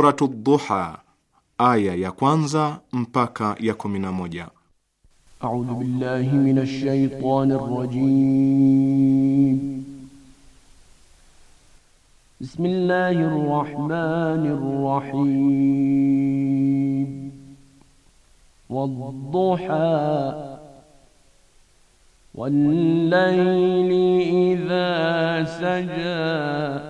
Suratu Duha, aya ya kwanza mpaka ya kumi na moja. A'udhu billahi minash shaitani rrajim. Bismillahir rahmanir rahim. Wadduha wal layli idha saja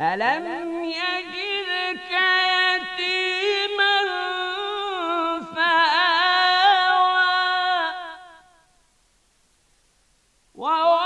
ألم يجدك يتيما فآوى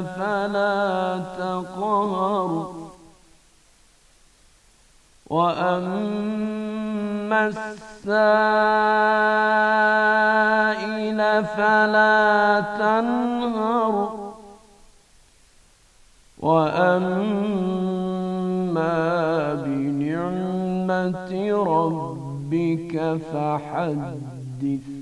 فلا تقهر وأما السائل فلا تنهر وأما بنعمة ربك فحدث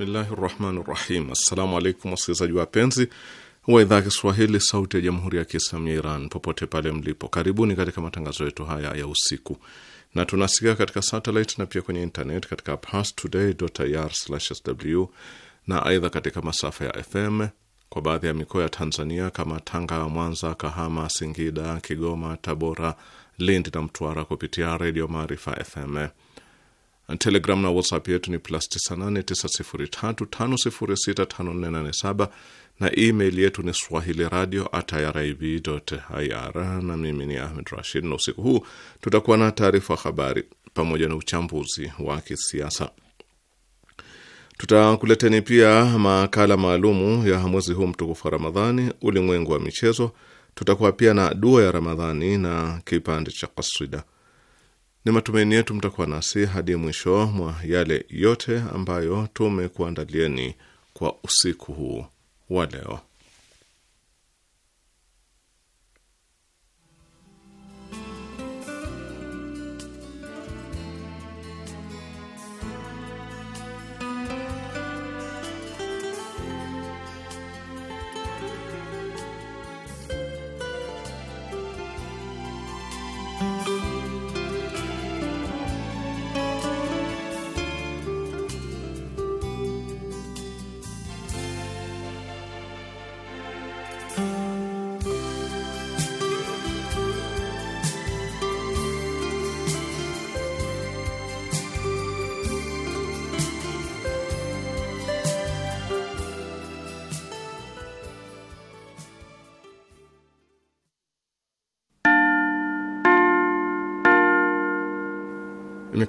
Bismillahi rahmani rahim. Assalamu alaikum wasikilizaji wapenzi wa idhaa ya Kiswahili sauti ya jamhuri ya Kiislamu ya Iran popote pale mlipo, karibuni katika matangazo yetu haya ya usiku, na tunasikia katika satelit na pia kwenye internet katika parstoday.ir/sw na aidha katika masafa ya FM kwa baadhi ya mikoa ya Tanzania kama Tanga, Mwanza, Kahama, Singida, Kigoma, Tabora, Lindi na Mtwara kupitia redio Maarifa FM. Telegram na WhatsApp yetu ni plus 989035065487 na email yetu ni swahili radio at irib.ir. Na mimi ni Ahmed Rashid, na usiku huu tutakuwa na taarifa habari pamoja na uchambuzi wa kisiasa. Tutakuleteni pia makala maalumu ya mwezi huu mtukufu wa Ramadhani, ulimwengu wa michezo. Tutakuwa pia na dua ya Ramadhani na kipande cha kaswida. Ni matumaini yetu mtakuwa nasi hadi mwisho mwa yale yote ambayo tumekuandalieni kwa usiku huu wa leo.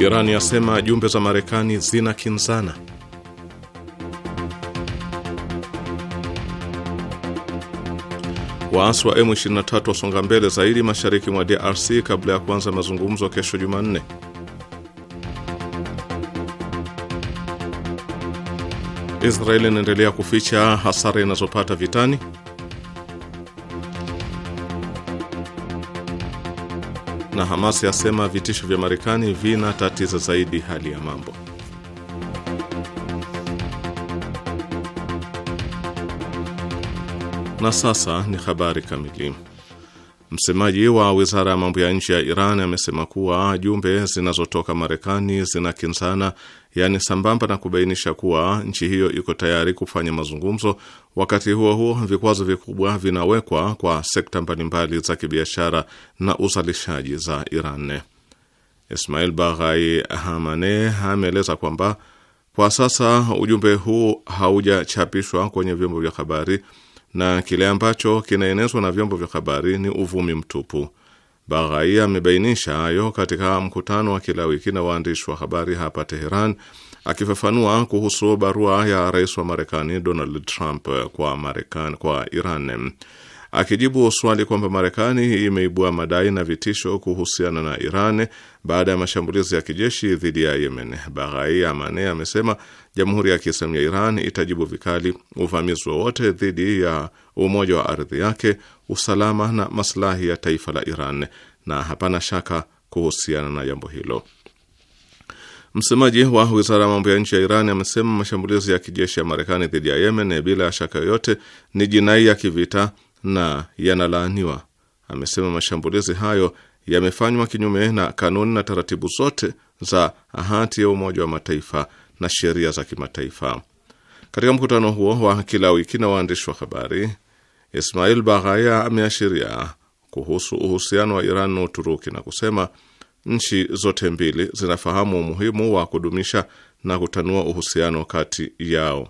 Iran yasema jumbe za Marekani zina kinzana Waasi wa M23 wasonga mbele zaidi mashariki mwa DRC kabla ya kuanza mazungumzo kesho Jumanne. Israeli inaendelea kuficha hasara inazopata vitani na Hamas yasema vitisho vya Marekani vinatatiza zaidi hali ya mambo. Na sasa ni habari kamili. Msemaji wa wizara ya mambo ya nje ya Iran amesema kuwa jumbe zinazotoka Marekani zinakinzana, yaani sambamba na kubainisha kuwa nchi hiyo iko tayari kufanya mazungumzo. Wakati huo huo, vikwazo vikubwa vinawekwa kwa sekta mbalimbali za kibiashara na uzalishaji za Iran. Ismail Baghai Hamane ameeleza kwamba kwa sasa ujumbe huu haujachapishwa kwenye vyombo vya habari na kile ambacho kinaenezwa na vyombo vya habari ni uvumi mtupu. Baghai amebainisha hayo katika mkutano wa kila wiki na waandishi wa habari hapa Teheran, akifafanua kuhusu barua ya rais wa Marekani Donald Trump kwa Marekani, kwa Iran akijibu swali kwamba Marekani imeibua madai na vitisho kuhusiana na Iran baada ya mashambulizi ya kijeshi dhidi ya Yemen, Baghai Amane amesema Jamhuri ya Kiislamu ya Iran itajibu vikali uvamizi wowote dhidi ya umoja wa ardhi yake, usalama na maslahi ya taifa la Iran, na hapana shaka kuhusiana na jambo hilo. Msemaji wa wizara ya mambo ya nje ya Iran amesema mashambulizi ya kijeshi ya Marekani dhidi ya Yemen bila ya shaka yoyote ni jinai ya kivita na yanalaaniwa. Amesema mashambulizi hayo yamefanywa kinyume na kanuni na taratibu zote za hati ya Umoja wa Mataifa na sheria za kimataifa. Katika mkutano huo wa kila wiki na waandishi wa habari, Ismail Baghaya ameashiria kuhusu uhusiano wa Iran na Uturuki na kusema nchi zote mbili zinafahamu umuhimu wa kudumisha na kutanua uhusiano kati yao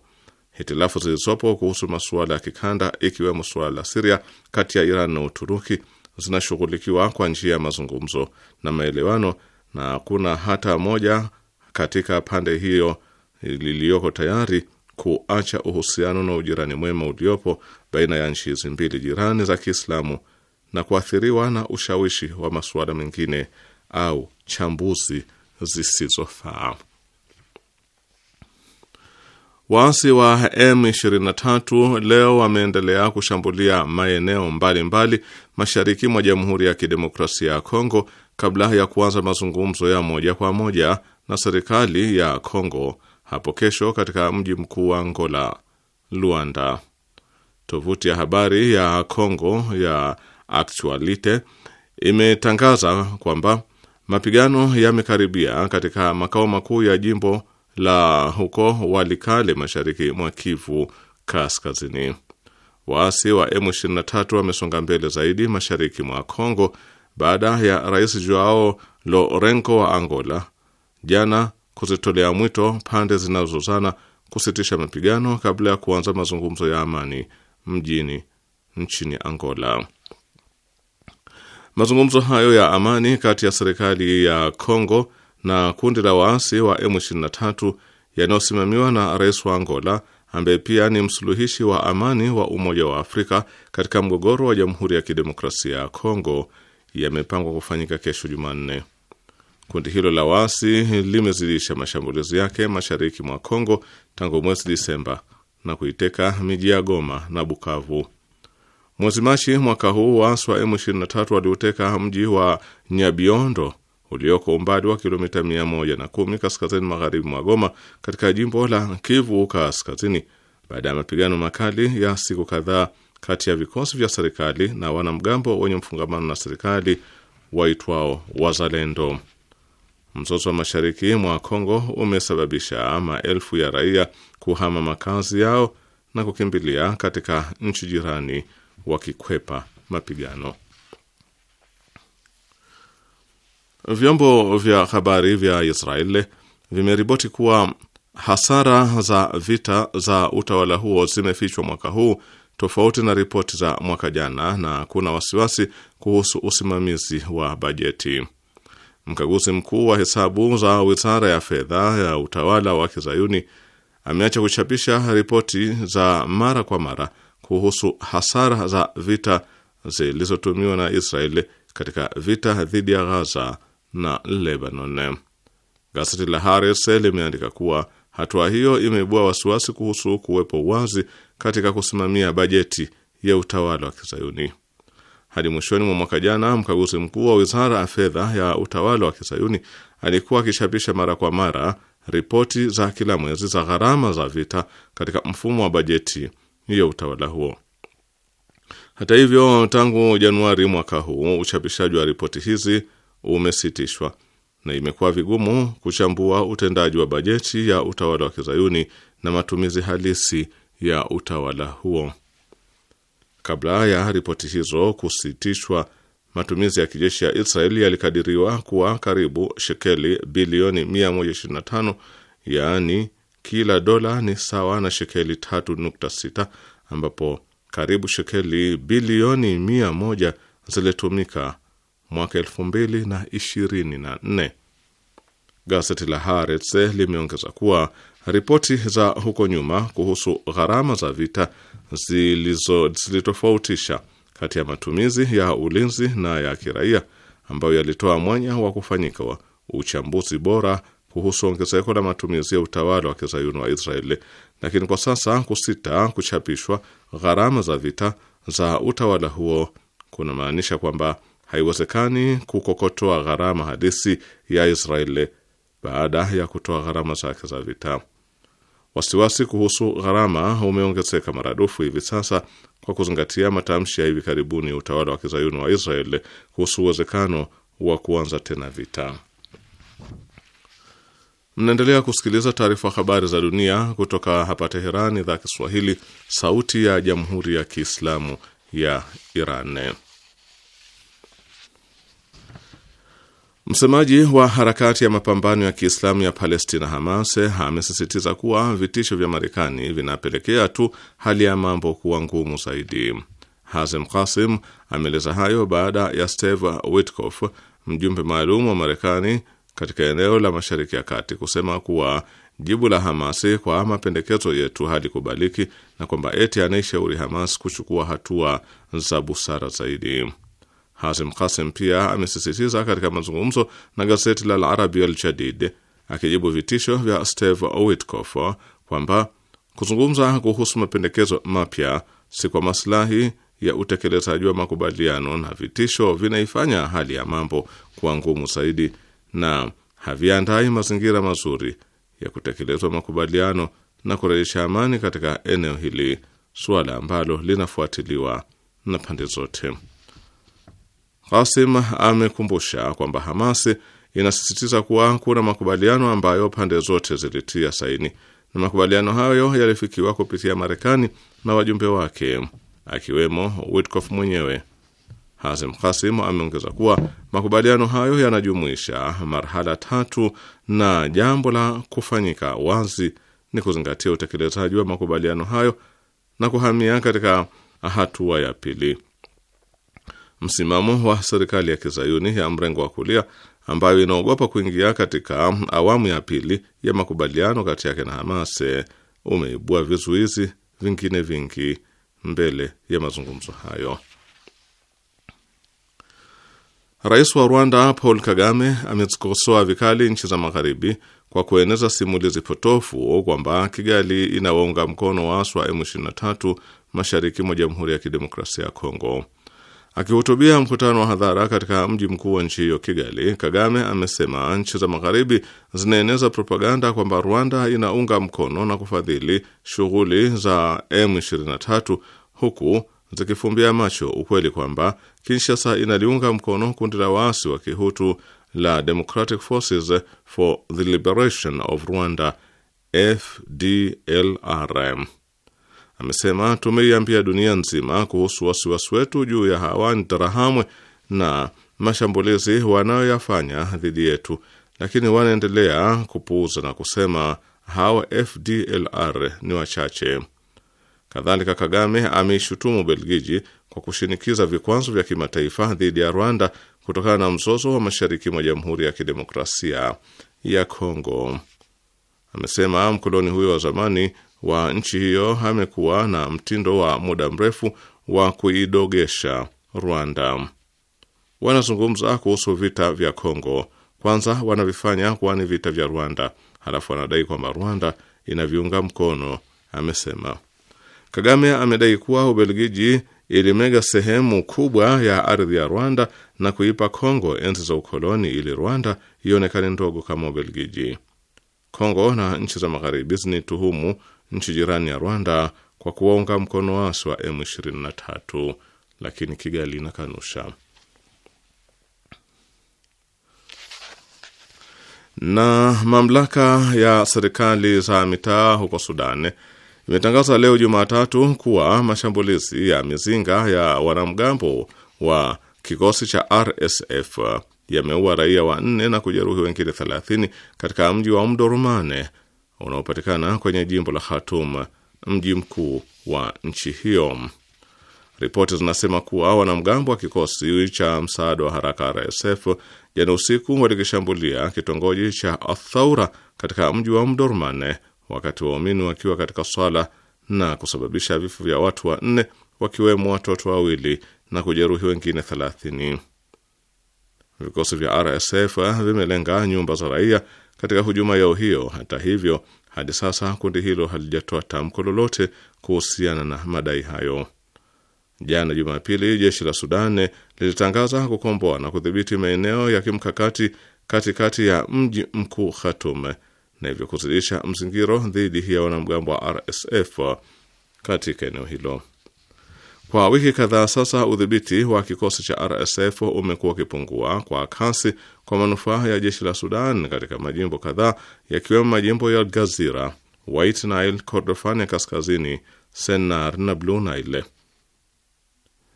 hitilafu zilizopo kuhusu masuala ya kikanda, ikiwemo suala la Siria kati ya Iran na Uturuki zinashughulikiwa kwa njia ya mazungumzo na maelewano, na hakuna hata moja katika pande hiyo liliyoko tayari kuacha uhusiano na ujirani mwema uliopo baina ya nchi hizi mbili jirani za Kiislamu na kuathiriwa na ushawishi wa masuala mengine au chambuzi zisizofaa. Waasi wa M23 leo wameendelea kushambulia maeneo mbalimbali mbali mashariki mwa Jamhuri ya Kidemokrasia ya Kongo kabla ya kuanza mazungumzo ya moja kwa moja na serikali ya Kongo hapo kesho katika mji mkuu wa Angola, Luanda. Tovuti ya habari ya Kongo ya Actualite imetangaza kwamba mapigano yamekaribia katika makao makuu ya jimbo la huko Walikale, mashariki mwa Kivu Kaskazini. Waasi wa M23 wamesonga mbele zaidi mashariki mwa Kongo baada ya Rais Joao Lourenco wa Angola jana kuzitolea mwito pande zinazozana kusitisha mapigano kabla ya kuanza mazungumzo ya amani mjini nchini Angola. Mazungumzo hayo ya amani kati ya serikali ya Kongo na kundi la waasi wa M23 yanayosimamiwa na rais wa Angola ambaye pia ni msuluhishi wa amani wa Umoja wa Afrika katika mgogoro wa Jamhuri ya Kidemokrasia ya Kongo yamepangwa kufanyika kesho Jumanne. Kundi hilo la waasi limezidisha mashambulizi yake mashariki mwa Kongo tangu mwezi Disemba na kuiteka miji ya Goma na Bukavu. Mwezi Machi mwaka huu waasi wa M23 waliuteka mji wa Nyabiondo ulioko umbali wa kilomita 110 kaskazini magharibi mwa Goma katika jimbo la Kivu Kaskazini, baada ya mapigano makali ya siku kadhaa kati ya vikosi vya serikali na wanamgambo wenye mfungamano na serikali waitwao Wazalendo. Mzozo wa mashariki mwa Kongo umesababisha maelfu ya raia kuhama makazi yao na kukimbilia katika nchi jirani wakikwepa mapigano. Vyombo vya habari vya Israeli vimeripoti kuwa hasara za vita za utawala huo zimefichwa mwaka huu tofauti na ripoti za mwaka jana, na kuna wasiwasi kuhusu usimamizi wa bajeti. Mkaguzi mkuu wa hesabu za wizara ya fedha ya utawala wa kizayuni ameacha kuchapisha ripoti za mara kwa mara kuhusu hasara za vita zilizotumiwa na Israeli katika vita dhidi ya Ghaza na Lebanon. Gazeti la Haris limeandika kuwa hatua hiyo imeibua wasiwasi kuhusu kuwepo uwazi katika kusimamia bajeti ya utawala wa Kizayuni. Hadi mwishoni mwa mwaka jana, mkaguzi mkuu wa wizara ya fedha ya utawala wa Kizayuni alikuwa akichapisha mara kwa mara ripoti za kila mwezi za gharama za vita katika mfumo wa bajeti ya utawala huo. Hata hivyo, tangu Januari mwaka huu uchapishaji wa ripoti hizi umesitishwa na imekuwa vigumu kuchambua utendaji wa bajeti ya utawala wa kizayuni na matumizi halisi ya utawala huo. Kabla ya ripoti hizo kusitishwa, matumizi ya kijeshi ya Israeli yalikadiriwa kuwa karibu shekeli bilioni 125, yaani kila dola ni sawa na shekeli 3.6, ambapo karibu shekeli bilioni 100 zilitumika mwaka elfu mbili na ishirini na nne. Gazeti la Haaretz limeongeza kuwa ripoti za huko nyuma kuhusu gharama za vita zilitofautisha kati ya matumizi ya ulinzi na ya kiraia ambayo yalitoa mwanya wa kufanyika wa uchambuzi bora kuhusu ongezeko la matumizi ya utawala wa kizayuni wa Israeli. Lakini kwa sasa kusita kuchapishwa gharama za vita za utawala huo kunamaanisha kwamba haiwezekani kukokotoa gharama hadisi ya Israeli baada ya kutoa gharama zake za vita. Wasiwasi kuhusu gharama umeongezeka maradufu hivi sasa kwa kuzingatia matamshi ya hivi karibuni utawala wa kizayuni wa Israeli kuhusu uwezekano wa kuanza tena vita. Mnaendelea kusikiliza taarifa habari za dunia kutoka hapa Teherani, idhaa Kiswahili, sauti ya jamhuri ya kiislamu ya Iran. Msemaji wa harakati ya mapambano ya Kiislamu ya Palestina, Hamas, amesisitiza kuwa vitisho vya Marekani vinapelekea tu hali ya mambo kuwa ngumu zaidi. Hazem Kasim ameeleza hayo baada ya Steve Witkoff, mjumbe maalum wa Marekani katika eneo la Mashariki ya Kati, kusema kuwa jibu la Hamasi kwa mapendekezo yetu halikubaliki na kwamba eti anaishauri Hamas kuchukua hatua za busara zaidi. Hazim Kasim pia amesisitiza katika mazungumzo na gazeti la Al-Arabi Al-Jadid akijibu vitisho vya Steve Witkoff kwamba kuzungumza kuhusu mapendekezo mapya si kwa masilahi ya utekelezaji wa makubaliano, na vitisho vinaifanya hali ya mambo kuwa ngumu zaidi na haviandai mazingira mazuri ya kutekelezwa makubaliano na kurejesha amani katika eneo hili, suala ambalo linafuatiliwa na pande zote. Qasim amekumbusha kwamba Hamasi inasisitiza kuwa kuna makubaliano ambayo pande zote zilitia saini na makubaliano hayo yalifikiwa kupitia Marekani na wajumbe wake akiwemo Witkoff mwenyewe. Hazim Kasim ameongeza kuwa makubaliano hayo yanajumuisha marhala tatu na jambo la kufanyika wazi ni kuzingatia utekelezaji wa makubaliano hayo na kuhamia katika hatua ya pili. Msimamo wa serikali ya kizayuni ya mrengo wa kulia ambayo inaogopa kuingia katika awamu ya pili ya makubaliano kati yake na Hamas umeibua vizuizi vingine vingi mbele ya mazungumzo hayo. Rais wa Rwanda Paul Kagame amezikosoa vikali nchi za magharibi kwa kueneza simulizi potofu kwamba Kigali inawaunga mkono waasi wa M23 mashariki mwa Jamhuri ya Kidemokrasia ya Kongo. Akihutubia mkutano wa hadhara katika mji mkuu wa nchi hiyo Kigali, Kagame amesema nchi za magharibi zinaeneza propaganda kwamba Rwanda inaunga mkono na kufadhili shughuli za M23 huku zikifumbia macho ukweli kwamba Kinshasa inaliunga mkono kundi la waasi wa kihutu la Democratic Forces for the Liberation of Rwanda, FDLR. Amesema tumeiambia dunia nzima kuhusu wasiwasi wetu juu ya hawa Nterahamwe na mashambulizi wanayoyafanya dhidi yetu, lakini wanaendelea kupuuza na kusema hawa FDLR ni wachache. Kadhalika, Kagame ameishutumu Belgiji kwa kushinikiza vikwazo vya kimataifa dhidi ya Rwanda kutokana na mzozo wa mashariki mwa Jamhuri ya Kidemokrasia ya Kongo. Amesema mkoloni huyo wa zamani wa nchi hiyo amekuwa na mtindo wa muda mrefu wa kuidogesha Rwanda. Wanazungumza kuhusu vita vya Kongo, kwanza wanavifanya kuwa ni vita vya Rwanda, halafu wanadai kwamba Rwanda inaviunga mkono, amesema. Kagame amedai kuwa Ubelgiji ilimega sehemu kubwa ya ardhi ya Rwanda na kuipa Kongo enzi za ukoloni ili Rwanda ionekane ndogo kama Ubelgiji. Kongo na nchi za magharibi zinituhumu nchi jirani ya Rwanda kwa kuwaunga mkono waasi wa M23, lakini Kigali inakanusha. Na mamlaka ya serikali za mitaa huko Sudan imetangaza leo Jumatatu kuwa mashambulizi ya mizinga ya wanamgambo wa kikosi cha RSF yameua raia wanne na kujeruhi wengine 30 katika mji wa Omdurmane unaopatikana kwenye jimbo la Khartoum, mji mkuu wa nchi hiyo. Ripoti zinasema kuwa wanamgambo wa kikosi cha msaada wa haraka RSF jana usiku walikishambulia kitongoji cha Athaura katika mji wa Mdorman wakati waumini wakiwa katika swala na kusababisha vifo vya watu wanne wakiwemo watoto wawili na kujeruhi wengine thelathini. Vikosi vya RSF vimelenga nyumba za raia katika hujuma yao hiyo. Hata hivyo, hadi sasa kundi hilo halijatoa tamko lolote kuhusiana na madai hayo. Jana Jumapili, jeshi la Sudan lilitangaza kukomboa na kudhibiti maeneo ya kimkakati katikati ya mji mkuu Khartoum na hivyo kuzidisha mzingiro dhidi ya wanamgambo wa RSF katika eneo hilo. Kwa wiki kadhaa sasa, udhibiti wa kikosi cha RSF umekuwa ukipungua kwa kasi kwa manufaa ya jeshi la Sudan katika majimbo kadhaa yakiwemo majimbo ya Gazira, White Nile, Kordofan ya kaskazini, Sennar na Blue Nile.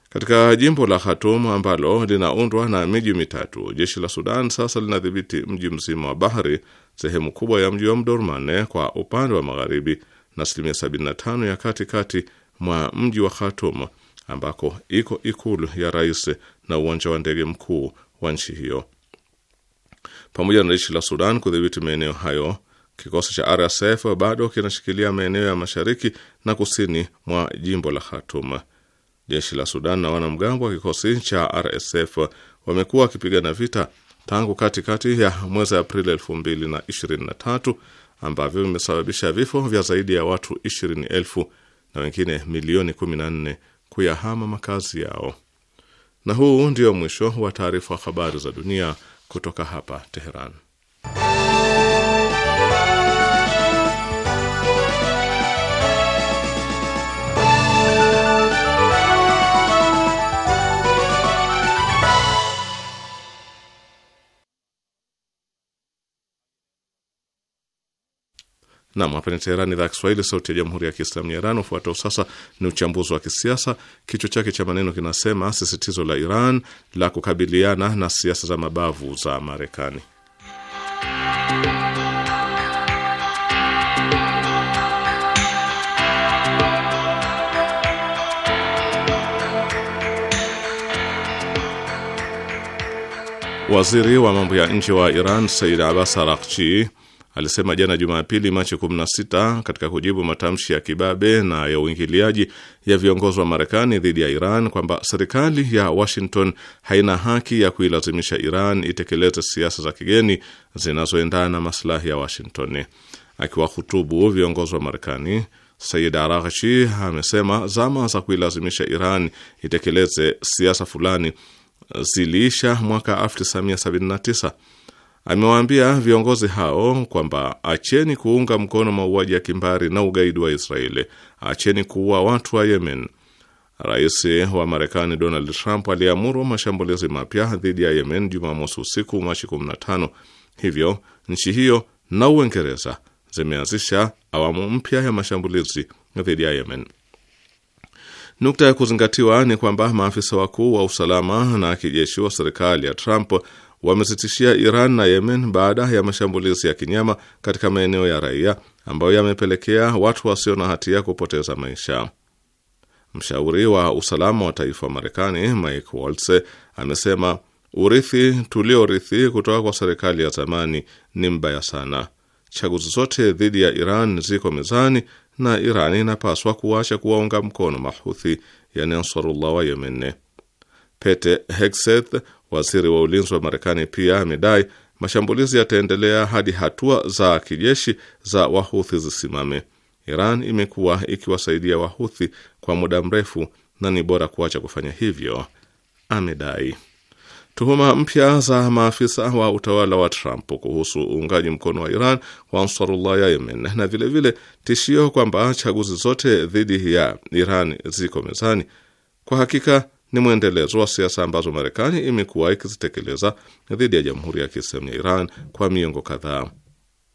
Katika jimbo la Khartoum ambalo linaundwa na miji mitatu, jeshi la Sudan sasa linadhibiti mji mzima wa Bahari, sehemu kubwa ya mji wa Mdormane kwa upande wa magharibi na asilimia 75 ya katikati mwa mji wa Khartoum ambako iko ikulu ya rais na uwanja wa ndege mkuu wa nchi hiyo. Pamoja na jeshi la Sudan kudhibiti maeneo hayo, kikosi cha RSF bado kinashikilia maeneo ya mashariki na kusini mwa jimbo la Khartoum. Jeshi la Sudan na wanamgambo wa kikosi cha RSF wamekuwa wakipigana vita tangu katikati ya mwezi Aprili 2023 ambavyo vimesababisha vifo vya zaidi ya watu 20,000 na wengine milioni 14 kuyahama makazi yao. Na huu ndio mwisho wa taarifa habari za dunia kutoka hapa Teheran. Nam, hapa ni Teherani, idhaa ya Kiswahili, sauti ya jamhuri ya kiislamu ya Iran. Ufuatao sasa ni uchambuzi wa kisiasa, kichwa chake cha maneno kinasema sisitizo la Iran la kukabiliana na siasa za mabavu za Marekani. Waziri wa mambo ya nje wa Iran Said Abbas Araghchi alisema jana Jumapili, Machi 16 katika kujibu matamshi ya kibabe na ya uingiliaji ya viongozi wa Marekani dhidi ya Iran kwamba serikali ya Washington haina haki ya kuilazimisha Iran itekeleze siasa za kigeni zinazoendana na masilahi ya Washington. Akiwahutubu viongozi wa Marekani, Said Araghchi amesema zama za kuilazimisha Iran itekeleze siasa fulani ziliisha mwaka 1979 amewaambia viongozi hao kwamba acheni kuunga mkono mauaji ya kimbari na ugaidi wa Israeli, acheni kuua watu wa Yemen. Rais wa Marekani Donald Trump aliamuru mashambulizi mapya dhidi ya Yemen Jumamosi usiku Machi 15. Hivyo nchi hiyo na Uingereza zimeanzisha awamu mpya ya mashambulizi dhidi ya Yemen. Nukta ya kuzingatiwa ni kwamba maafisa wakuu wa usalama na kijeshi wa serikali ya Trump wamezitishia Iran na Yemen baada ya mashambulizi ya kinyama katika maeneo ya raia ambayo yamepelekea watu wasio na hatia kupoteza maisha. Mshauri wa usalama wa taifa wa Marekani Mike Waltz amesema urithi tuliorithi kutoka kwa serikali ya zamani ni mbaya sana. Chaguzi zote dhidi ya Iran ziko mezani na Iran inapaswa kuacha kuwaunga mkono mahuthi ya Ansarullah wa Yemen. Pete Hegseth, Waziri wa ulinzi wa Marekani pia amedai mashambulizi yataendelea hadi hatua za kijeshi za wahuthi zisimame. Iran imekuwa ikiwasaidia wahuthi kwa muda mrefu na ni bora kuacha kufanya hivyo, amedai. Tuhuma mpya za maafisa wa utawala wa Trump kuhusu uungaji mkono wa Iran wa Ansarullah ya Yemen na vilevile vile tishio kwamba chaguzi zote dhidi ya Iran ziko mezani, kwa hakika ni mwendelezo wa siasa ambazo Marekani imekuwa ikizitekeleza dhidi ya Jamhuri ya Kiislamu ya Iran kwa miongo kadhaa.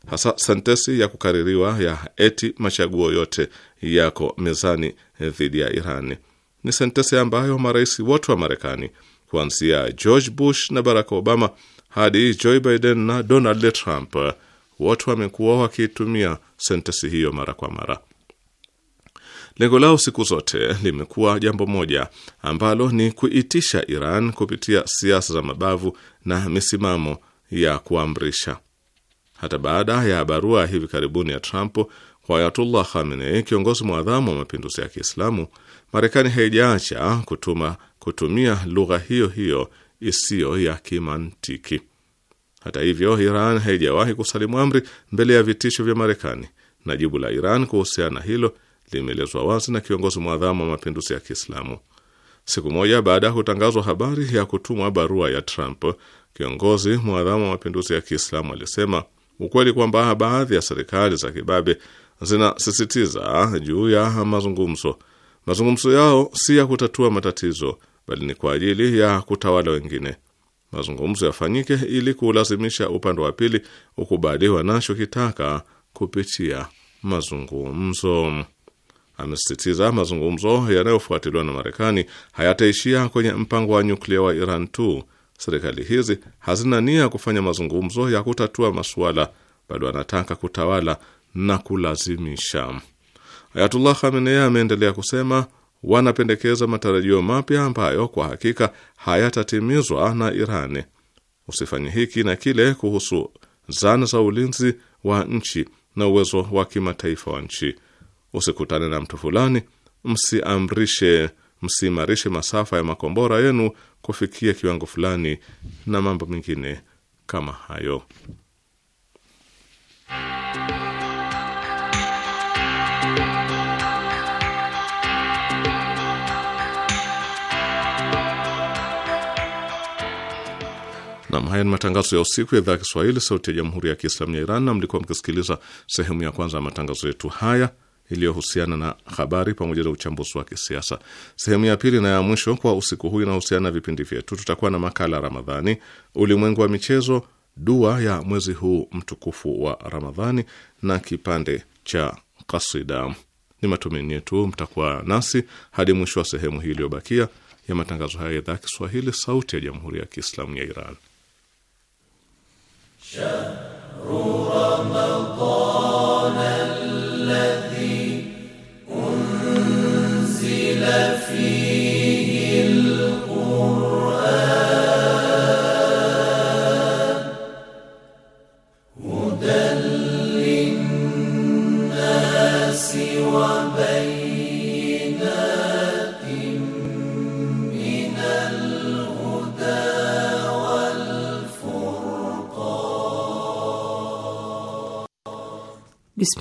Hasa sentesi ya kukaririwa ya eti machaguo yote yako mezani dhidi ya Iran ni sentesi ambayo marais wote wa Marekani kuanzia George Bush na Barack Obama hadi Joe Biden na Donald Trump wote wamekuwa wakiitumia sentesi hiyo mara kwa mara. Lengo lao siku zote limekuwa jambo moja ambalo ni kuitisha Iran kupitia siasa za mabavu na misimamo ya kuamrisha. Hata baada ya barua hivi karibuni ya Trump kwa Ayatullah Khamenei, kiongozi mwadhamu wa mapinduzi ya Kiislamu, Marekani haijaacha kutuma kutumia lugha hiyo hiyo isiyo ya kimantiki. Hata hivyo, Iran haijawahi kusalimu amri mbele ya vitisho vya Marekani, na jibu la Iran kuhusiana na hilo limeelezwa wazi na kiongozi mwadhamu wa mapinduzi ya Kiislamu. Siku moja baada ya kutangazwa habari ya kutumwa barua ya Trump, kiongozi mwadhamu wa mapinduzi ya Kiislamu alisema ukweli kwamba baadhi ya serikali za kibabe zinasisitiza juu ya mazungumzo, mazungumzo yao si ya kutatua matatizo, bali ni kwa ajili ya kutawala wengine. Mazungumzo yafanyike ili kuulazimisha upande wa pili ukubali wanachokitaka kupitia mazungumzo amesisitiza mazungumzo yanayofuatiliwa na Marekani hayataishia kwenye mpango wa nyuklia wa Iran tu. Serikali hizi hazina nia ya kufanya mazungumzo ya kutatua masuala, bado anataka kutawala na kulazimisha. Ayatullah Khamenei ameendelea kusema wanapendekeza matarajio mapya ambayo kwa hakika hayatatimizwa na Iran. Usifanye hiki na kile kuhusu zana za ulinzi wa nchi na uwezo wa kimataifa wa nchi. Usikutane na mtu fulani, msiamrishe, msiimarishe masafa ya makombora yenu kufikia kiwango fulani na mambo mengine kama hayo. Nam, haya ni matangazo ya usiku ya idhaa ya Kiswahili, sauti ya jamhuri ya kiislamu ya Iran, na mlikuwa mkisikiliza sehemu ya kwanza ya matangazo yetu haya iliyohusiana na habari pamoja na uchambuzi wa kisiasa. Sehemu ya pili na ya mwisho kwa usiku huu inahusiana na vipindi vyetu. Tutakuwa na makala ya Ramadhani, ulimwengu wa michezo, dua ya mwezi huu mtukufu wa Ramadhani na kipande cha kasida. Ni matumaini yetu mtakuwa nasi hadi mwisho wa sehemu hii iliyobakia ya matangazo haya ya idhaa ya Kiswahili, Sauti ya Jamhuri ya Kiislamu ya Iran. Shahru Ramadhani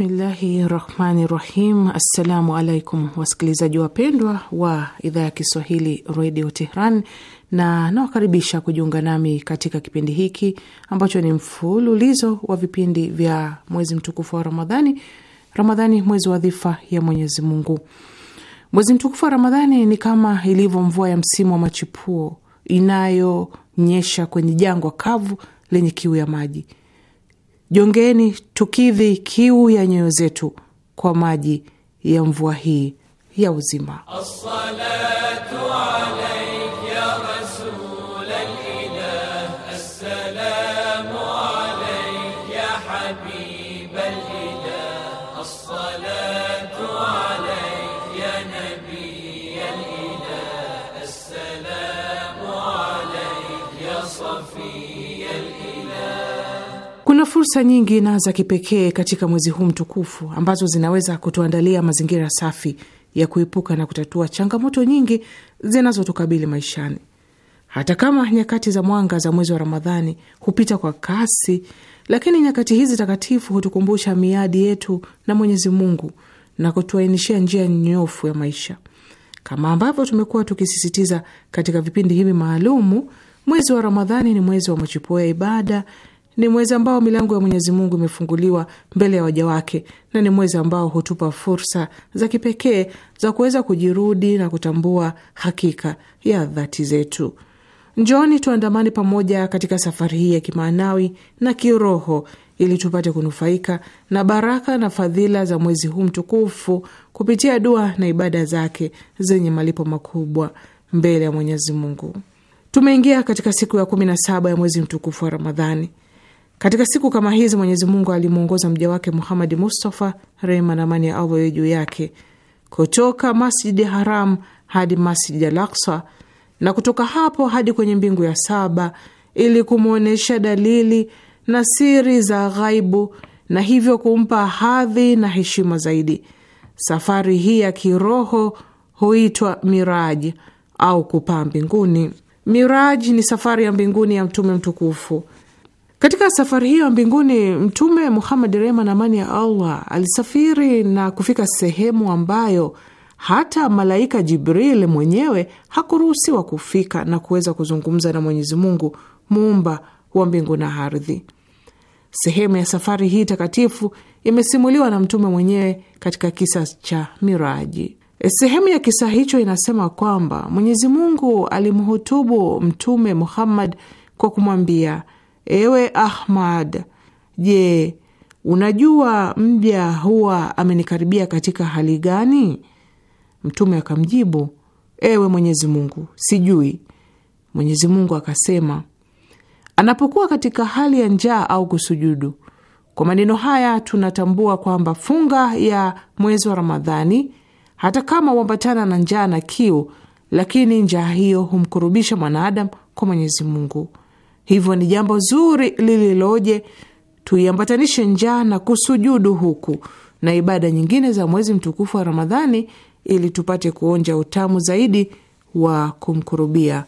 Bismillahi rahmani rahim. Assalamu alaikum wasikilizaji wapendwa wa idhaa ya Kiswahili redio Tehran, na nawakaribisha kujiunga nami katika kipindi hiki ambacho ni mfululizo wa vipindi vya mwezi mtukufu wa Ramadhani. Ramadhani, mwezi wa dhifa ya Mwenyezi Mungu. Mwezi mtukufu wa Ramadhani ni kama ilivyo mvua ya msimu wa machipuo inayonyesha kwenye jangwa kavu lenye kiu ya maji. Jongeni tukidhi kiu ya nyoyo zetu kwa maji ya mvua hii ya uzima. As-salatu Kuna fursa nyingi na za kipekee katika mwezi huu mtukufu ambazo zinaweza kutuandalia mazingira safi ya kuepuka na kutatua changamoto nyingi zinazotukabili maishani. Hata kama nyakati za mwanga za mwezi wa Ramadhani hupita kwa kasi, lakini nyakati hizi takatifu hutukumbusha miadi yetu na Mwenyezi Mungu na kutuainishia njia nyofu ya maisha. Kama ambavyo tumekuwa tukisisitiza katika vipindi hivi maalumu, mwezi wa Ramadhani ni mwezi wa machipuo ya ibada ni mwezi ambao milango ya Mwenyezi Mungu imefunguliwa mbele ya waja wake, na ni mwezi ambao hutupa fursa za kipekee za kuweza kujirudi na kutambua hakika ya dhati zetu. Njooni tuandamane pamoja katika safari hii ya kimaanawi na kiroho ili tupate kunufaika na baraka na fadhila za mwezi huu mtukufu kupitia dua na ibada zake zenye malipo makubwa mbele ya Mwenyezi Mungu. Tumeingia katika siku ya kumi na saba ya mwezi mtukufu wa Ramadhani. Katika siku kama hizi Mwenyezi Mungu alimwongoza mja wake Muhamadi Mustafa, rehma na amani ya Allah juu yake, kutoka Masjidi Haram hadi Masjidi Al Aksa, na kutoka hapo hadi kwenye mbingu ya saba, ili kumwonyesha dalili na siri za ghaibu na hivyo kumpa hadhi na heshima zaidi. Safari hii ya kiroho huitwa miraji au kupaa mbinguni. Miraji ni safari ya mbinguni ya Mtume mtukufu katika safari hiyo mbinguni, Mtume Muhammad, rehma na amani ya Allah, alisafiri na kufika sehemu ambayo hata malaika Jibril mwenyewe hakuruhusiwa kufika na kuweza kuzungumza na Mwenyezi Mungu muumba wa mbingu na ardhi. Sehemu ya safari hii takatifu imesimuliwa na mtume mwenyewe katika kisa cha Miraji. E, sehemu ya kisa hicho inasema kwamba Mwenyezi Mungu alimhutubu Mtume Muhammad kwa kumwambia Ewe Ahmad, je, unajua mja huwa amenikaribia katika hali gani? Mtume akamjibu, ewe Mwenyezi Mungu, sijui. Mwenyezi Mungu akasema, anapokuwa katika hali ya njaa au kusujudu. Kwa maneno haya tunatambua kwamba funga ya mwezi wa Ramadhani, hata kama huambatana na njaa na kiu, lakini njaa hiyo humkurubisha mwanadamu kwa Mwenyezi Mungu. Hivyo ni jambo zuri lililoje tuiambatanishe njaa na kusujudu huku na ibada nyingine za mwezi mtukufu wa Ramadhani ili tupate kuonja utamu zaidi wa kumkurubia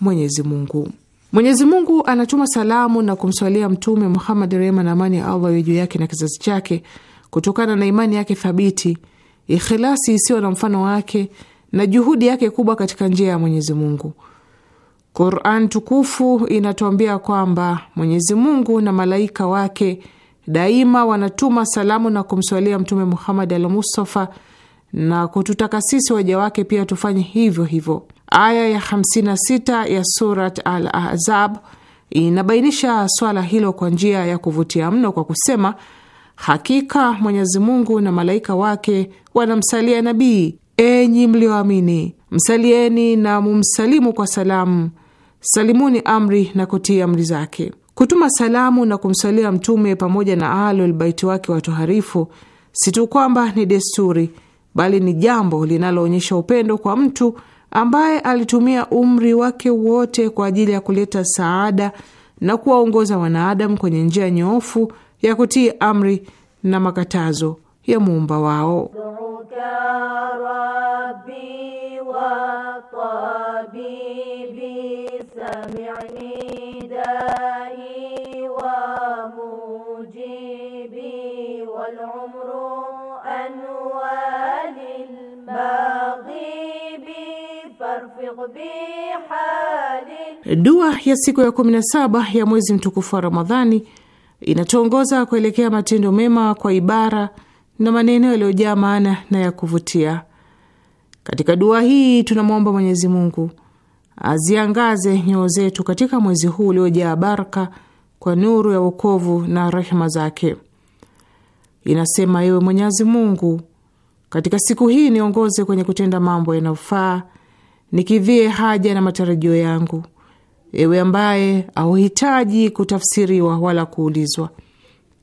Mwenyezi Mungu. Mwenyezi Mungu anatuma salamu na kumswalia Mtume Muhammad, rehma na amani ya Allah juu yake na kizazi chake, kutokana na imani yake thabiti, ikhilasi isiyo na mfano wake na juhudi yake kubwa katika njia ya Mwenyezi Mungu. Quran tukufu inatuambia kwamba Mwenyezi Mungu na malaika wake daima wanatuma salamu na kumswalia Mtume Muhammad al Mustafa na kututaka sisi waja wake pia tufanye hivyo hivyo. Aya ya 56 ya Surat al Ahzab inabainisha swala hilo kwa njia ya kuvutia mno kwa kusema, hakika Mwenyezi Mungu na malaika wake wanamsalia nabii, enyi mlioamini, msalieni na mumsalimu kwa salamu salimuni amri na kutii amri zake. Kutuma salamu na kumsalia Mtume pamoja na Ahlul Baiti wake watoharifu si tu kwamba ni desturi, bali ni jambo linaloonyesha upendo kwa mtu ambaye alitumia umri wake wote kwa ajili ya kuleta saada na kuwaongoza wanaadamu kwenye njia nyoofu ya kutii amri na makatazo ya muumba wao. Dua ya siku ya 17 ya mwezi mtukufu wa Ramadhani inatuongoza kuelekea matendo mema kwa ibara na maneno yaliyojaa maana na ya kuvutia. Katika dua hii tunamwomba Mwenyezi Mungu aziangaze nyoo zetu katika mwezi huu uliojaa baraka kwa nuru ya wokovu na rehema zake. Inasema, ewe Mwenyezi Mungu, katika siku hii niongoze kwenye kutenda mambo yanayofaa nikivie haja na matarajio yangu, ewe ambaye auhitaji kutafsiriwa wala kuulizwa,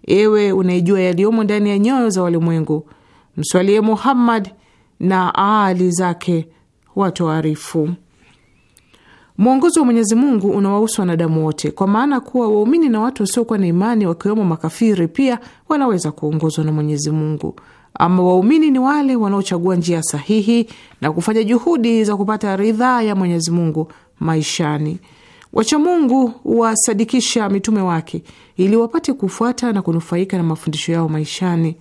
ewe unaijua yaliyomo ndani ya nyoyo za walimwengu, mswalie Muhammad na aali zake watoarifu. Mwongozo wa Mwenyezi Mungu unawahusu wanadamu wote, kwa maana kuwa waumini na watu wasiokuwa na imani wakiwemo makafiri pia wanaweza kuongozwa na Mwenyezi Mungu. Ama waumini ni wale wanaochagua njia sahihi na kufanya juhudi za kupata ridhaa ya Mwenyezi Mungu maishani. Wachamungu wasadikisha mitume wake ili wapate kufuata na kunufaika na mafundisho yao maishani.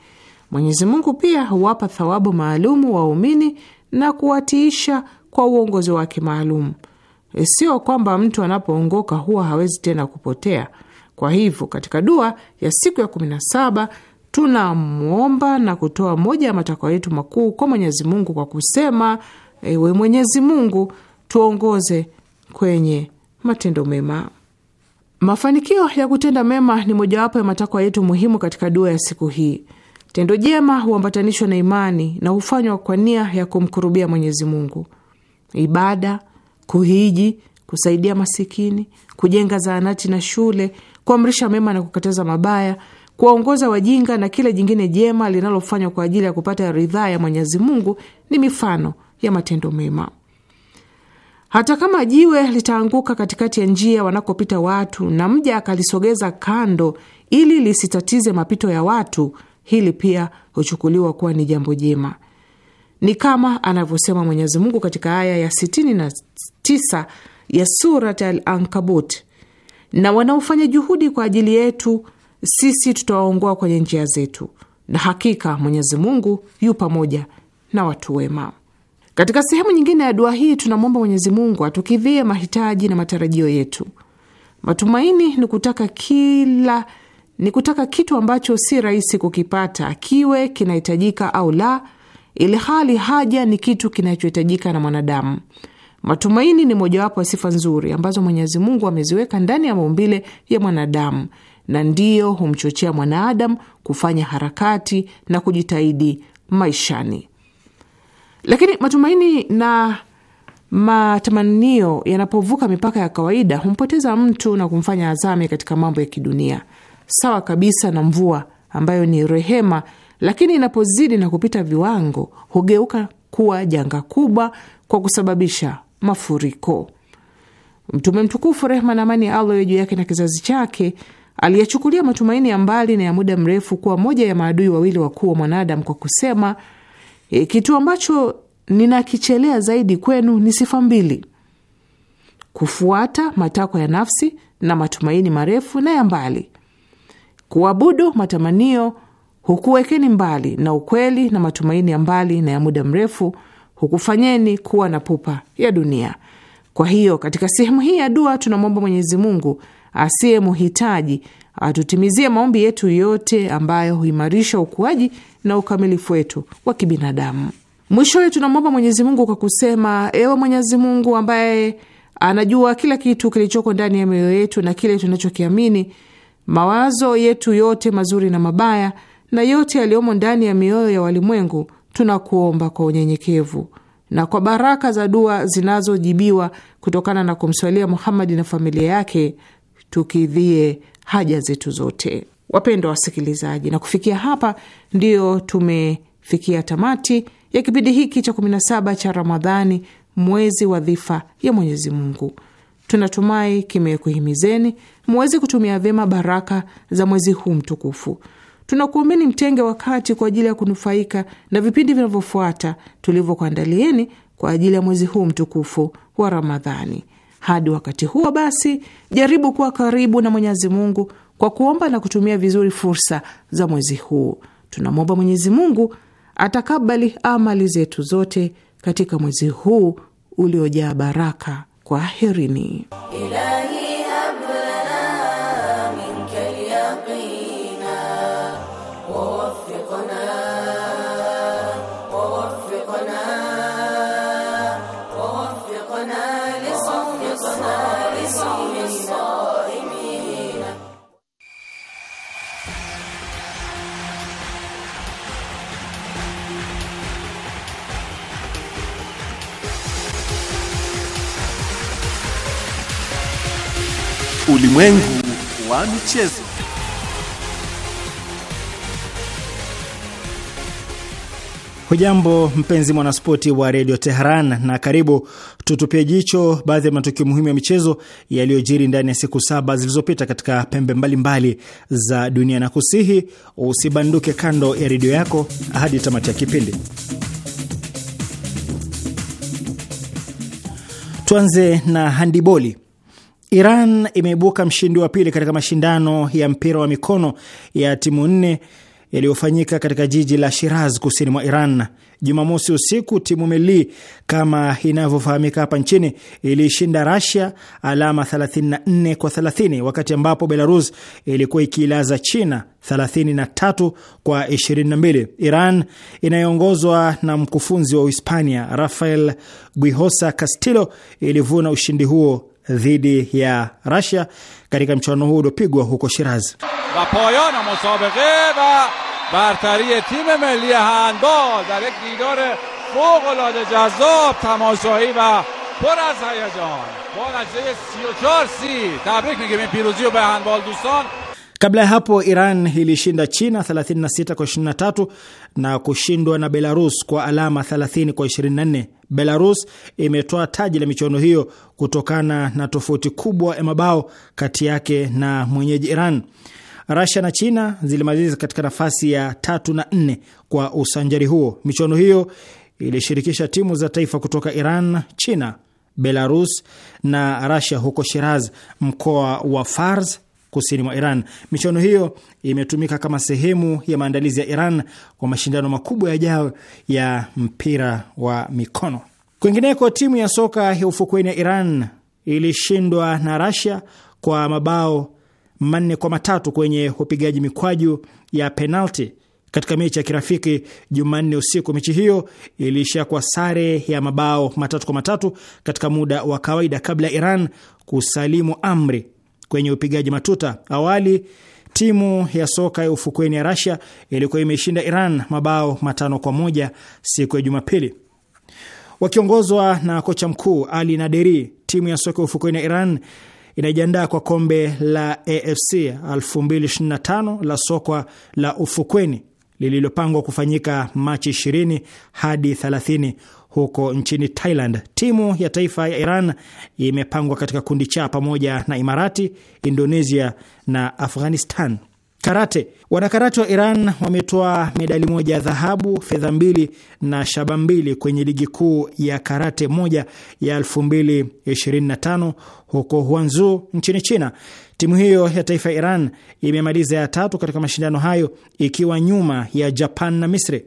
Mwenyezi Mungu pia huwapa thawabu maalumu waumini na kuwatiisha kwa uongozi wake maalum Sio kwamba mtu anapoongoka huwa hawezi tena kupotea. Kwa hivyo katika dua ya siku ya saba tunamwomba na kutoa moja ya matakwa yetu makuu kwa Mwenyezi Mungu kwa kusema: ewe Mwenyezi Mungu, tuongoze kwenye matendo mema. Mafanikio ya kutenda mema ni mojawapo ya matakwa yetu muhimu katika dua ya siku hii. Tendo jema huambatanishwa na imani na hufanywa kwa nia ya kumkurubia Mwenyezi Mungu. Ibada, kuhiji, kusaidia masikini, kujenga zahanati na shule, kuamrisha mema na kukataza mabaya kuwaongoza wajinga na kila jingine jema linalofanywa kwa ajili ya kupata ridhaa ya Mwenyezi Mungu ni mifano ya matendo mema. Hata kama jiwe litaanguka katikati ya njia wanakopita watu na mja akalisogeza kando ili lisitatize mapito ya watu, hili pia huchukuliwa kuwa ni jambo jema. Ni kama anavyosema Mwenyezi Mungu katika aya ya 69 ya Surat Al Ankabut, na wanaofanya juhudi kwa ajili yetu sisi tutawaongoa kwenye njia zetu, na hakika Mwenyezi Mungu yu pamoja na watu wema. Katika sehemu nyingine ya dua hii tunamwomba Mwenyezi Mungu atukidhie mahitaji na matarajio yetu. Matumaini ni kutaka kila ni kutaka kitu ambacho si rahisi kukipata, kiwe kinahitajika au la, ili hali haja ni kitu kinachohitajika na mwanadamu. Matumaini ni mojawapo ya sifa nzuri ambazo Mwenyezi Mungu ameziweka ndani ya maumbile ya mwanadamu, na ndiyo humchochea mwanaadamu kufanya harakati na kujitahidi maishani. Lakini matumaini na matamanio yanapovuka mipaka ya kawaida humpoteza mtu na kumfanya azame katika mambo ya kidunia, sawa kabisa na mvua ambayo ni rehema, lakini inapozidi na kupita viwango hugeuka kuwa janga kubwa kwa kusababisha mafuriko. Mtume mtukufu, rehma na amani ya Allah juu yake na kizazi chake aliyechukulia matumaini ya mbali na ya muda mrefu kuwa moja ya maadui wawili wakuu wa mwanadamu kwa kusema e, kitu ambacho ninakichelea zaidi kwenu ni sifa mbili: kufuata matakwa ya nafsi na matumaini marefu na ya mbali. Kuabudu matamanio hukuwekeni mbali na ukweli, na matumaini ya mbali na ya muda mrefu hukufanyeni kuwa na pupa ya dunia. Kwa hiyo katika sehemu hii ya dua tunamwomba Mwenyezi Mungu asiye mhitaji atutimizie maombi yetu yote ambayo huimarisha ukuaji na ukamilifu wetu wa kibinadamu. Mwishowe tunamwomba Mwenyezi Mungu kwa kusema: ewe Mwenyezi Mungu ambaye anajua kila kitu kilichoko ndani ya mioyo yetu na kile tunachokiamini, mawazo yetu yote mazuri na mabaya, na yote yaliyomo ndani ya mioyo ya walimwengu, tunakuomba kwa unyenyekevu na kwa baraka za dua zinazojibiwa kutokana na kumswalia Muhammadi na familia yake tukidhie haja zetu zote. Wapendwa wasikilizaji, na kufikia hapa ndiyo tumefikia tamati ya kipindi hiki cha 17 cha Ramadhani, mwezi wa dhifa ya Mwenyezi Mungu. Tunatumai kimekuhimizeni mwezi kutumia vyema baraka za mwezi huu mtukufu. Tunakuombeni mtenge wakati kwa ajili ya kunufaika na vipindi vinavyofuata tulivyokuandalieni kwa ajili ya mwezi huu mtukufu wa Ramadhani. Hadi wakati huo basi, jaribu kuwa karibu na Mwenyezi Mungu kwa kuomba na kutumia vizuri fursa za mwezi huu. Tunamwomba Mwenyezi Mungu atakabali amali zetu zote katika mwezi huu uliojaa baraka. Kwaherini Ilahi. Ulimwengu wa michezo. Hujambo mpenzi mwanaspoti wa redio Teheran na karibu, tutupie jicho baadhi ya matukio muhimu ya michezo yaliyojiri ndani ya siku saba zilizopita katika pembe mbalimbali mbali za dunia, na kusihi usibanduke kando ya redio yako hadi tamati ya kipindi. Tuanze na handiboli. Iran imeibuka mshindi wa pili katika mashindano ya mpira wa mikono ya timu nne yaliyofanyika katika jiji la Shiraz kusini mwa Iran. Jumamosi usiku timu Meli kama inavyofahamika hapa nchini iliishinda Rasia alama 34 kwa 30, wakati ambapo Belarus ilikuwa ikiilaza China 33 kwa 22. Iran inayoongozwa na mkufunzi wa Uhispania Rafael Guihosa Castillo ilivuna ushindi huo dhidi ya Russia katika mchuano huo uliopigwa huko Shiraz. و پایان مسابقه و برتری تیم ملی هندبال در یک دیدار فوق العاده جذاب تماشایی و پر از هیجان با نتیجه 34 سی تبریک میگیم این پیروزی رو به هندبال دوستان Kabla ya hapo Iran ilishinda China 36 kwa 23 na kushindwa na Belarus kwa alama 30 kwa 24. Belarus imetoa taji la michuano hiyo kutokana na tofauti kubwa ya mabao kati yake na mwenyeji Iran. Rasia na China zilimaliza katika nafasi ya tatu na nne kwa usanjari huo. Michuano hiyo ilishirikisha timu za taifa kutoka Iran, China, Belarus na Rasia huko Shiraz, mkoa wa Fars kusini mwa Iran. Michuano hiyo imetumika kama sehemu ya maandalizi ya Iran kwa mashindano makubwa yajayo ya mpira wa mikono. Kwingineko, timu ya soka ya ufukweni ya Iran ilishindwa na Rasia kwa mabao manne kwa matatu kwenye upigaji mikwaju ya penalti katika mechi ya kirafiki Jumanne usiku. Mechi hiyo iliishia kwa sare ya mabao matatu kwa matatu katika muda wa kawaida kabla ya Iran kusalimu amri kwenye upigaji matuta. Awali timu ya soka ya ufukweni ya Rasia ilikuwa imeshinda Iran mabao matano kwa moja siku ya Jumapili. Wakiongozwa na kocha mkuu Ali Naderi, timu ya soka ya ufukweni ya Iran inajiandaa kwa kombe la AFC 2025 la soka la ufukweni lililopangwa kufanyika Machi 20 hadi 30 huko nchini Thailand. Timu ya taifa ya Iran imepangwa katika kundi cha pamoja na Imarati, Indonesia na Afghanistan. Karate. Wanakarate wa Iran wametoa medali moja ya dhahabu, fedha mbili na shaba mbili kwenye ligi kuu ya karate moja ya 2025 huko Huanzu nchini China. Timu hiyo ya taifa ya Iran imemaliza ya tatu katika mashindano hayo ikiwa nyuma ya Japan na Misri.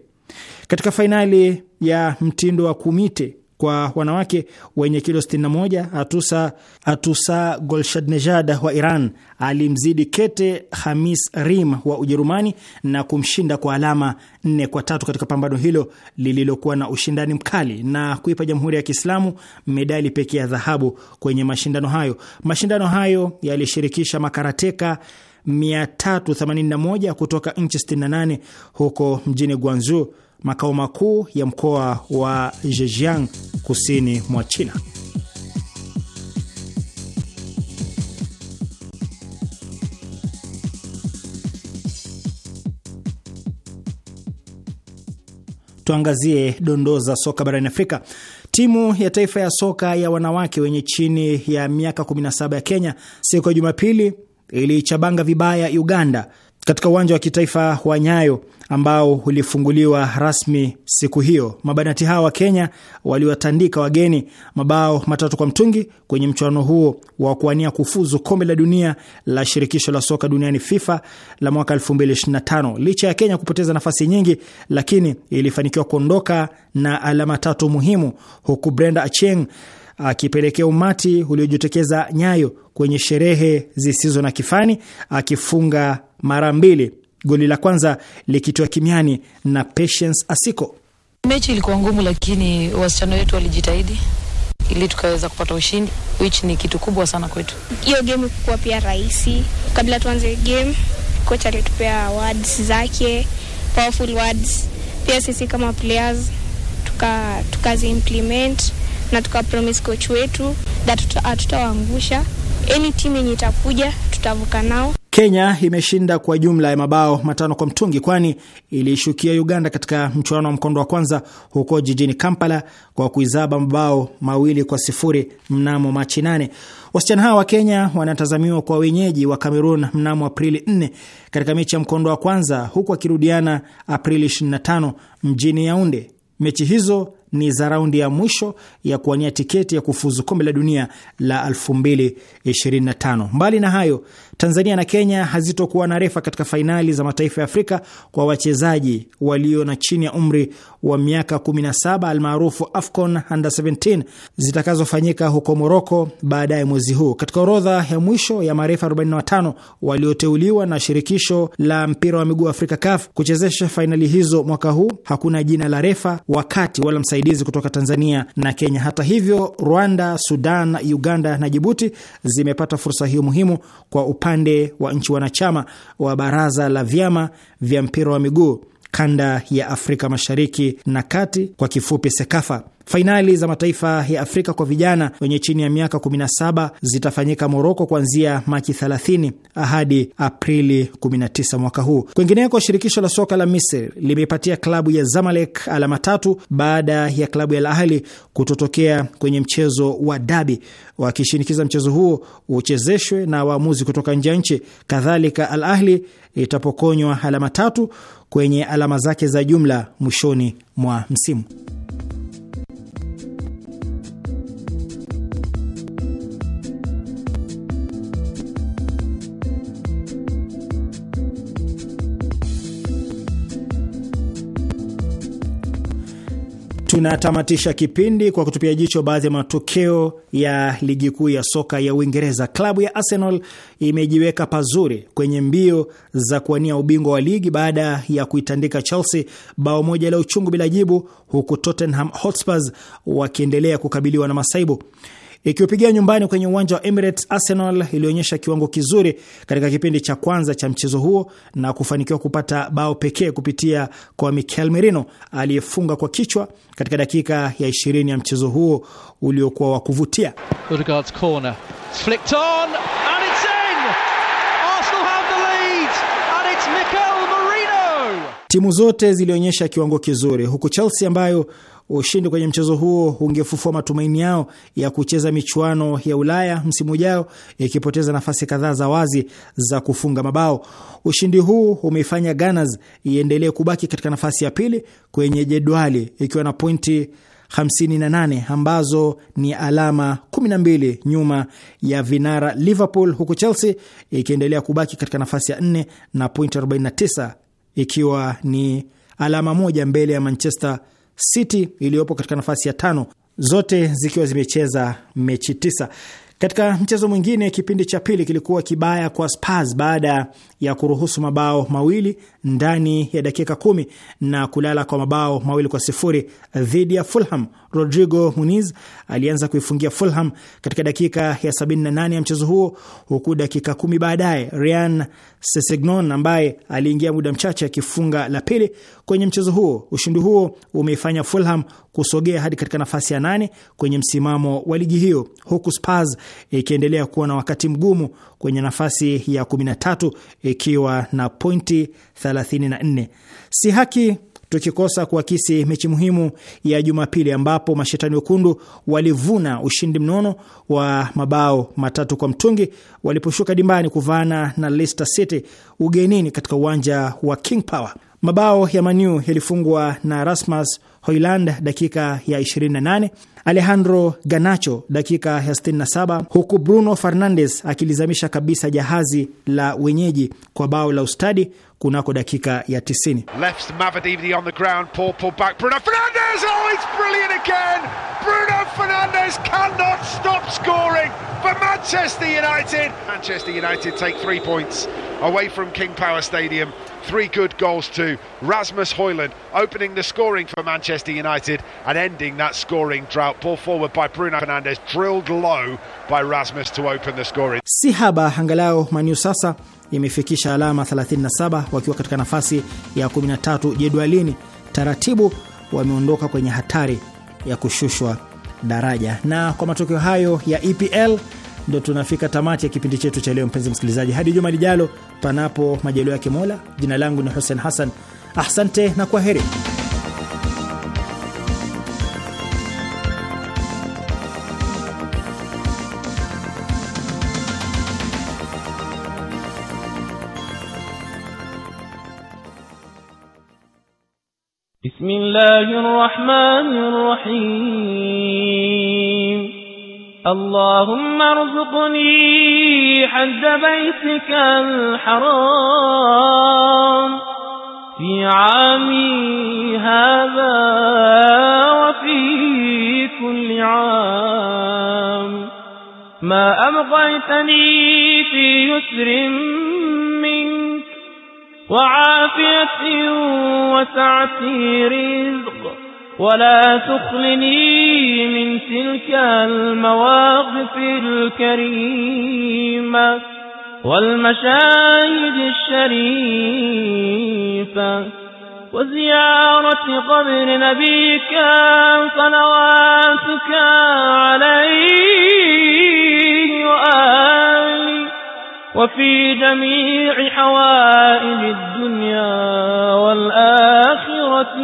Katika fainali ya mtindo wa kumite kwa wanawake wenye kilo 61 Atusa, Atusa Golshadnejad wa Iran alimzidi kete Hamis Rim wa Ujerumani na kumshinda kwa alama 4 kwa tatu katika pambano hilo lililokuwa na ushindani mkali na kuipa Jamhuri ya Kiislamu medali pekee ya dhahabu kwenye mashindano hayo. Mashindano hayo yalishirikisha makarateka 381 kutoka nchi 68 huko mjini Guangzhou makao makuu ya mkoa wa Zhejiang kusini mwa China. Tuangazie dondoo za soka barani Afrika. Timu ya taifa ya soka ya wanawake wenye chini ya miaka 17 ya Kenya siku ya Jumapili iliichabanga vibaya Uganda katika uwanja wa kitaifa wa Nyayo ambao ulifunguliwa rasmi siku hiyo. Mabanati hawa wa Kenya waliwatandika wageni mabao matatu kwa mtungi kwenye mchuano huo wa kuwania kufuzu kombe la dunia la shirikisho la soka duniani FIFA la mwaka 2025. Licha ya Kenya kupoteza nafasi nyingi, lakini ilifanikiwa kuondoka na alama tatu muhimu, huku Brenda Acheng akipelekea umati uliojitokeza Nyayo kwenye sherehe zisizo na kifani akifunga mara mbili, goli la kwanza likitoa kimiani na Patience Asiko. Mechi ilikuwa ngumu, lakini wasichana wetu walijitahidi ili tukaweza kupata ushindi which ni kitu kubwa sana kwetu. Hiyo game ikuwa pia rahisi. Kabla tuanze game, kocha alitupea words zake, powerful words. Pia sisi kama players tuka na tukapromise coach wetu that hatutawaangusha. Any team yenye itakuja tutavuka nao Kenya imeshinda kwa jumla ya mabao matano kwa mtungi, kwani iliishukia Uganda katika mchuano wa mkondo wa kwanza huko jijini Kampala kwa kuizaba mabao mawili kwa sifuri mnamo Machi 8. Wasichana hawa wa Kenya wanatazamiwa kwa wenyeji wa Cameroon mnamo Aprili 4 katika mechi ya mkondo wa kwanza, huku wakirudiana Aprili 25 mjini Yaunde. Mechi hizo ni za raundi ya mwisho ya kuwania tiketi ya kufuzu kombe la dunia la 2025. Mbali na hayo Tanzania na Kenya hazitokuwa na refa katika fainali za mataifa ya Afrika kwa wachezaji walio na chini ya umri wa miaka 17 almaarufu AFCON under 17 zitakazofanyika huko Moroko baadaye mwezi huu. Katika orodha ya mwisho ya marefa 45 walioteuliwa na shirikisho la mpira wa miguu Afrika CAF kuchezesha fainali hizo mwaka huu hakuna jina la refa, wakati wala msaidizi kutoka Tanzania na Kenya. Hata hivyo, Rwanda, Sudan, Uganda na Jibuti zimepata fursa hiyo muhimu kwa upa upande wa nchi wanachama wa baraza la vyama vya mpira wa miguu kanda ya Afrika Mashariki na Kati, kwa kifupi SEKAFA. Fainali za mataifa ya Afrika kwa vijana wenye chini ya miaka 17 zitafanyika Moroko kuanzia Machi 30 hadi Aprili 19 mwaka huu. Kwingineko, shirikisho la soka la Misri limepatia klabu ya Zamalek alama tatu baada ya klabu ya Al Ahli kutotokea kwenye mchezo wa dabi, wakishinikiza mchezo huo uchezeshwe na waamuzi kutoka nje ya nchi. Kadhalika, Al Ahli itapokonywa alama tatu kwenye alama zake za jumla mwishoni mwa msimu. Tunatamatisha kipindi kwa kutupia jicho baadhi ya matokeo ya ligi kuu ya soka ya Uingereza. Klabu ya Arsenal imejiweka pazuri kwenye mbio za kuwania ubingwa wa ligi baada ya kuitandika Chelsea bao moja la uchungu bila jibu, huku Tottenham Hotspurs wakiendelea kukabiliwa na masaibu. Ikiupigia nyumbani kwenye uwanja wa Emirates, Arsenal ilionyesha kiwango kizuri katika kipindi cha kwanza cha mchezo huo na kufanikiwa kupata bao pekee kupitia kwa Mikel Merino aliyefunga kwa kichwa katika dakika ya 20 ya mchezo huo uliokuwa wa kuvutia. Timu zote zilionyesha kiwango kizuri huku Chelsea ambayo Ushindi kwenye mchezo huo ungefufua matumaini yao ya kucheza michuano ya Ulaya msimu ujao, ikipoteza nafasi kadhaa za wazi za kufunga mabao. Ushindi huu umeifanya Gunners iendelee kubaki katika nafasi ya pili kwenye jedwali ikiwa na pointi 58 ambazo ni alama 12 nyuma ya vinara Liverpool, huku Chelsea ikiendelea kubaki katika nafasi ya 4 na pointi 49 ikiwa ni alama moja mbele ya Manchester City iliyopo katika nafasi ya tano, zote zikiwa zimecheza mechi tisa. Katika mchezo mwingine, kipindi cha pili kilikuwa kibaya kwa Spurs baada ya kuruhusu mabao mawili ndani ya dakika kumi na kulala kwa mabao mawili kwa sifuri dhidi ya Fulham. Rodrigo Muniz alianza kuifungia Fulham katika dakika ya 78 ya mchezo huo, huku dakika kumi baadaye Ryan Sessegnon ambaye aliingia muda mchache akifunga la pili kwenye mchezo huo. Ushindi huo umeifanya Fulham kusogea hadi katika nafasi ya nane kwenye msimamo wa ligi hiyo, huku Spurs ikiendelea kuwa na wakati mgumu kwenye nafasi ya 13 ikiwa na pointi 34. Si haki tukikosa kuakisi mechi muhimu ya Jumapili ambapo mashetani wekundu walivuna ushindi mnono wa mabao matatu kwa mtungi waliposhuka dimbani kuvaana na Leicester City ugenini katika uwanja wa King Power. Mabao ya Maniu yalifungwa na Rasmus Hoiland dakika ya 28, Alejandro Ganacho dakika ya 67, huku Bruno Fernandes akilizamisha kabisa jahazi la wenyeji kwa bao la ustadi kunako dakika ya 90. on the ground, poor pull back Bruno Fernandes. Oh, it's brilliant again. Bruno Fernandes cannot stop scoring for Manchester United. Manchester United take 3 points away from King Power Stadium. Three good goals to Rasmus Hoyland, opening the scoring for Manchester United and ending that scoring drought. Ball forward by Bruno Fernandes, drilled low by Rasmus to open the scoring. Si haba angalau Manu sasa imefikisha alama 37 wakiwa katika nafasi ya 13 jedwalini. Taratibu wameondoka kwenye hatari ya kushushwa daraja. Na kwa matokeo hayo ya EPL ndio tunafika tamati ya kipindi chetu cha leo, mpenzi msikilizaji, hadi juma lijalo, panapo majaliwa yake Mola. Jina langu ni Hussein Hassan, asante na kwa heri. بسم الله الرحمن الرحيم اللهم ارزقني حج بيتك الحرام في عامي هذا وفي كل عام ما أبغيتني في يسر من وعافية وسعة رزق ولا تخلني من تلك المواقف الكريمة والمشاهد الشريفة وزيارة قبر نبيك صلواتك عليه وآله وفي جميع حوائج الدنيا والآخرة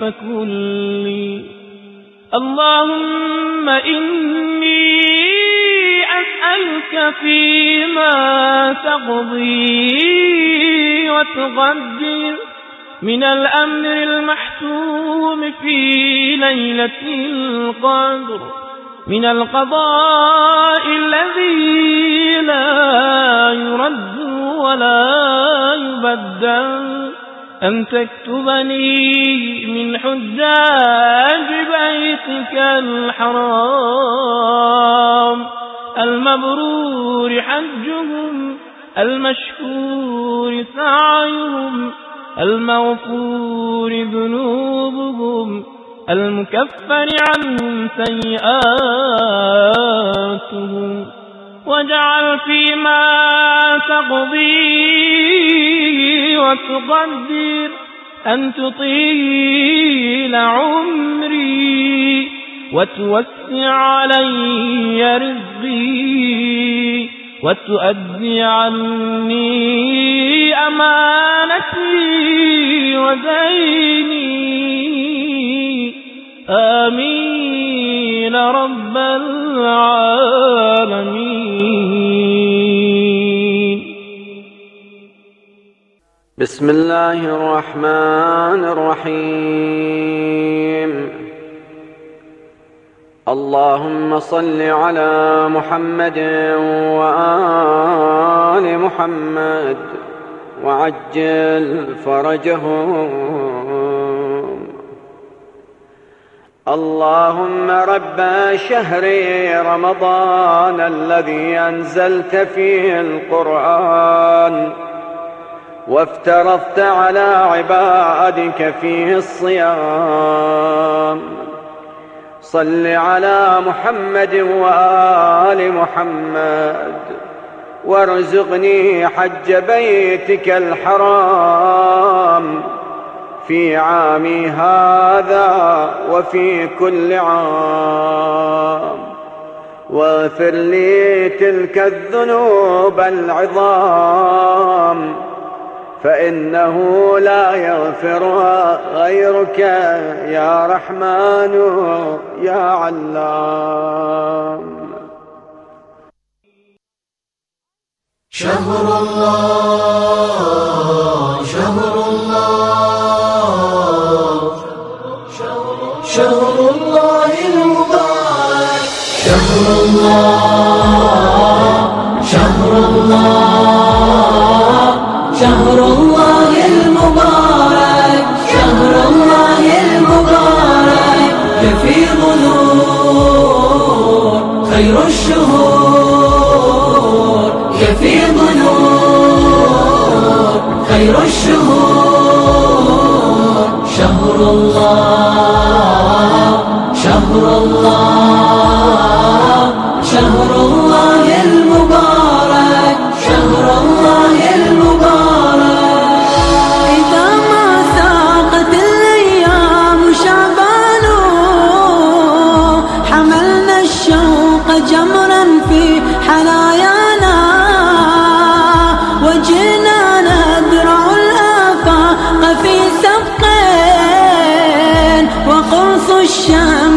فكلي اللهم إني أسألك فيما تقضي وتغدر من الأمر المحتوم في ليلة القدر من القضاء الذي لا يرد ولا يبدل أن تكتبني من حجاج بيتك الحرام المبرور حجهم المشكور سعيهم المغفور ذنوبهم المكفر عنهم سيئاتهم واجعل فيما تقضي وتقدر أن تطيل عمري وتوسع علي رزقي وتؤدي عني أمانتي وديني آمين رب العالمين بسم الله الرحمن الرحيم اللهم صل على محمد وآل محمد وعجل فرجهم اللهم رب شهر رمضان الذي أنزلت فيه القرآن وافترضت على عبادك فيه الصيام صل على محمد وآل محمد وارزقني حج بيتك الحرام في عامي هذا وفي كل عام واغفر لي تلك الذنوب العظام فإنه لا يغفرها غيرك يا رحمن يا علام شهر الله شهر الله شهر الله المبارك شهر الله شهر الله شهر الله المبارك شهر الله المبارك يفيض نور خير الشهور يفيض نور خير الشهور شهر الله شهر الله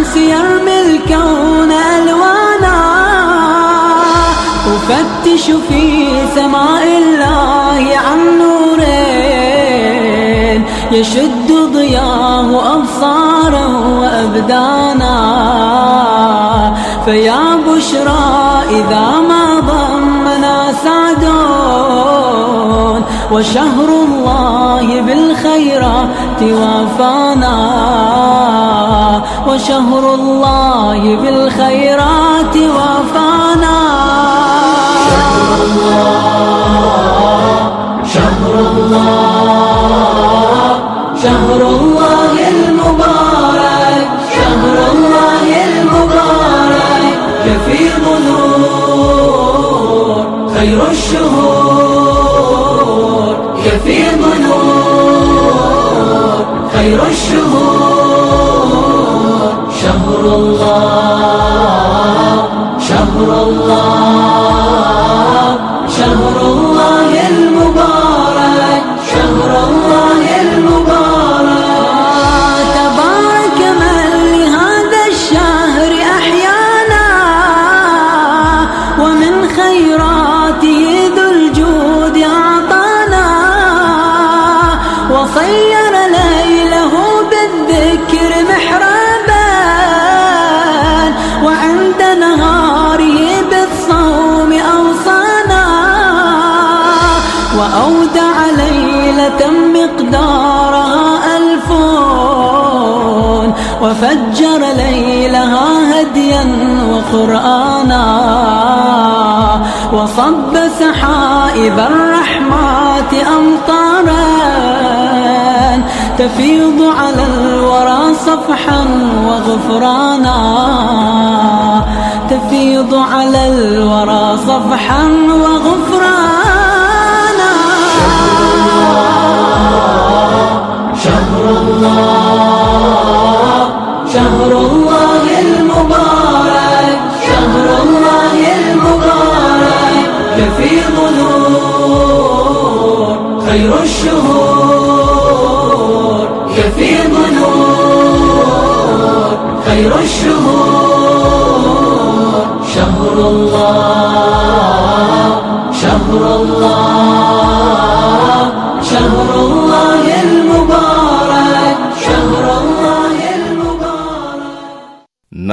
الشمس يرمي الكون ألوانا أفتش في سماء الله عن نورين يشد ضياه أبصاره وأبدانا فيا بشرى إذا ما وشهر الله بالخيرات وافانا وشهر الله بالخيرات وافانا شهر الله شهر الله شهر الله المبارك شهر الله المبارك يفيض نور خير الشهور ربك في خير الشهور شهر الله شهر الله قرآنا وصب سحائب الرحمات أمطارا تفيض على الورى صفحا وغفرانا تفيض على الورى صفحا وغفرانا شهر الله شهر الله شهر الله في ضنور خير الشهور يفي ضنور خير الشهور